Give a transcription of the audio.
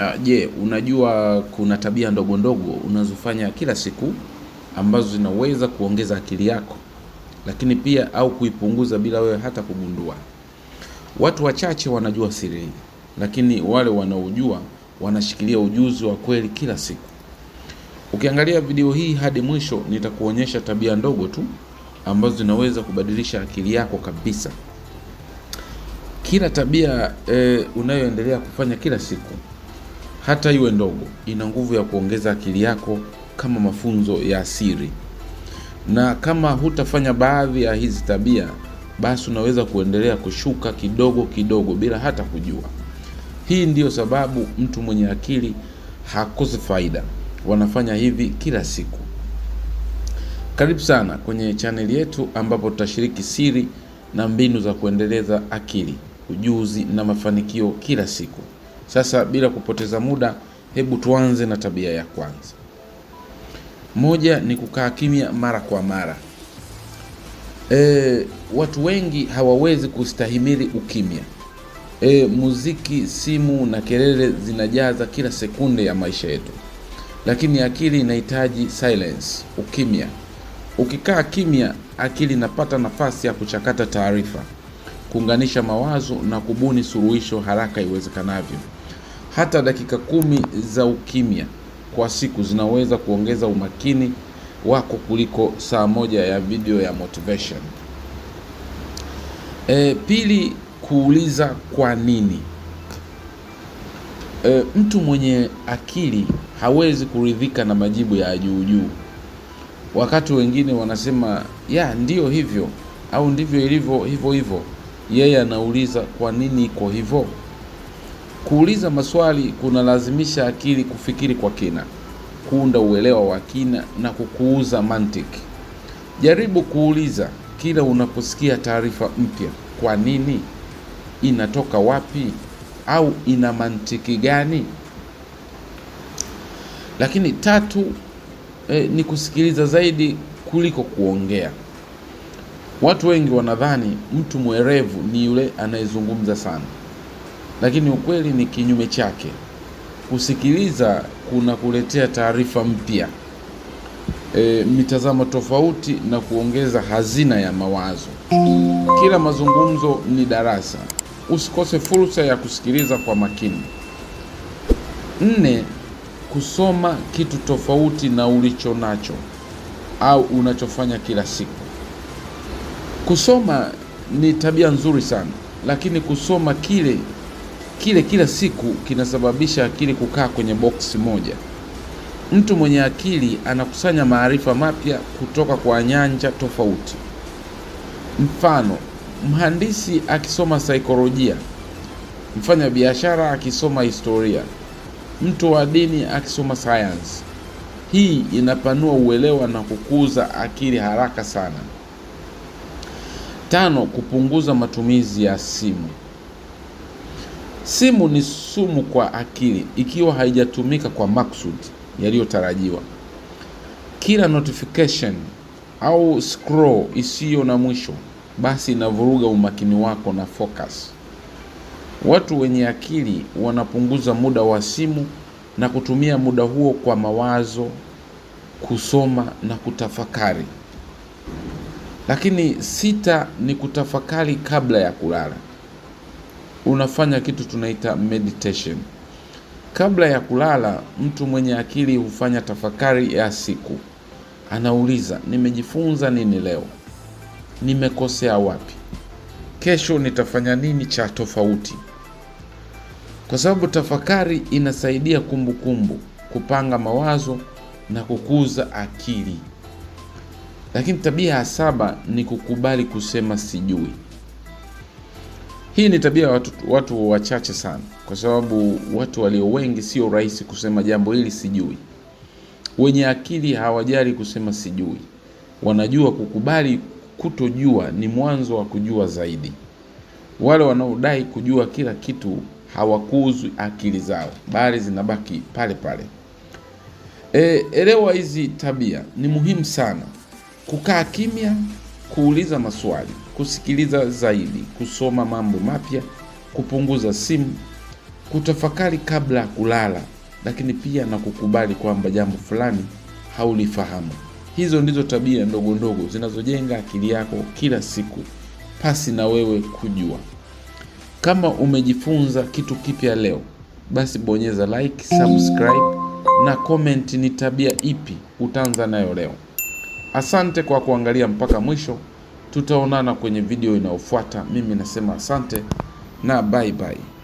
Ah, je, uh, unajua kuna tabia ndogo ndogo unazofanya kila siku ambazo zinaweza kuongeza akili yako lakini pia au kuipunguza bila wewe hata kugundua. Watu wachache wanajua siri hii, lakini wale wanaojua wanashikilia ujuzi wa kweli kila siku. Ukiangalia video hii hadi mwisho, nitakuonyesha tabia ndogo tu ambazo zinaweza kubadilisha akili yako kabisa. Kila tabia eh, unayoendelea kufanya kila siku hata iwe ndogo, ina nguvu ya kuongeza akili yako kama mafunzo ya siri. Na kama hutafanya baadhi ya hizi tabia, basi unaweza kuendelea kushuka kidogo kidogo bila hata kujua. Hii ndiyo sababu mtu mwenye akili hakosi faida, wanafanya hivi kila siku. Karibu sana kwenye chaneli yetu ambapo tutashiriki siri na mbinu za kuendeleza akili, ujuzi na mafanikio kila siku. Sasa bila kupoteza muda, hebu tuanze na tabia ya kwanza. Moja ni kukaa kimya mara kwa mara. E, watu wengi hawawezi kustahimili ukimya. E, muziki, simu na kelele zinajaza kila sekunde ya maisha yetu, lakini akili inahitaji silence, ukimya. Ukikaa kimya, akili inapata nafasi ya kuchakata taarifa, kuunganisha mawazo na kubuni suluhisho haraka iwezekanavyo. Hata dakika kumi za ukimya kwa siku zinaweza kuongeza umakini wako kuliko saa moja ya video ya motivation. E, pili, kuuliza kwa nini. E, mtu mwenye akili hawezi kuridhika na majibu ya juu juu. Wakati wengine wanasema ya ndiyo hivyo au ndivyo ilivyo hivyo hivyo, yeye anauliza kwa nini iko hivyo. Kuuliza maswali kunalazimisha akili kufikiri kwa kina, kuunda uelewa wa kina na kukuuza mantiki. Jaribu kuuliza kila unaposikia taarifa mpya: kwa nini? Inatoka wapi? Au ina mantiki gani? Lakini tatu, eh, ni kusikiliza zaidi kuliko kuongea. Watu wengi wanadhani mtu mwerevu ni yule anayezungumza sana lakini ukweli ni kinyume chake. Kusikiliza kuna kuletea taarifa mpya, e, mitazamo tofauti na kuongeza hazina ya mawazo. Kila mazungumzo ni darasa. Usikose fursa ya kusikiliza kwa makini. Nne, kusoma kitu tofauti na ulicho nacho au unachofanya kila siku. Kusoma ni tabia nzuri sana, lakini kusoma kile kile kila siku kinasababisha akili kukaa kwenye boksi moja. Mtu mwenye akili anakusanya maarifa mapya kutoka kwa nyanja tofauti. Mfano, mhandisi akisoma saikolojia, mfanya biashara akisoma historia, mtu wa dini akisoma sayansi. Hii inapanua uelewa na kukuza akili haraka sana. Tano, kupunguza matumizi ya simu. Simu ni sumu kwa akili ikiwa haijatumika kwa maksudi yaliyotarajiwa. Kila notification au scroll isiyo na mwisho basi inavuruga umakini wako na focus. Watu wenye akili wanapunguza muda wa simu na kutumia muda huo kwa mawazo, kusoma na kutafakari. Lakini sita ni kutafakari kabla ya kulala unafanya kitu tunaita meditation. Kabla ya kulala, mtu mwenye akili hufanya tafakari ya siku. Anauliza, nimejifunza nini leo? Nimekosea wapi? Kesho nitafanya nini cha tofauti? Kwa sababu tafakari inasaidia kumbukumbu kumbu, kupanga mawazo na kukuza akili. Lakini tabia ya saba ni kukubali kusema sijui. Hii ni tabia watu, watu wachache sana, kwa sababu watu walio wengi sio rahisi kusema jambo hili sijui. Wenye akili hawajali kusema sijui, wanajua kukubali kutojua ni mwanzo wa kujua zaidi. Wale wanaodai kujua kila kitu hawakuuzwi akili zao, bali zinabaki pale pale. E, elewa hizi tabia, ni muhimu sana kukaa kimya kuuliza maswali, kusikiliza zaidi, kusoma mambo mapya, kupunguza simu, kutafakari kabla ya kulala, lakini pia na kukubali kwamba jambo fulani haulifahamu. Hizo ndizo tabia ndogo ndogo zinazojenga akili yako kila siku pasi na wewe kujua. Kama umejifunza kitu kipya leo, basi bonyeza like, subscribe na comment ni tabia ipi utaanza nayo leo. Asante kwa kuangalia mpaka mwisho. Tutaonana kwenye video inayofuata. Mimi nasema asante na bye bye.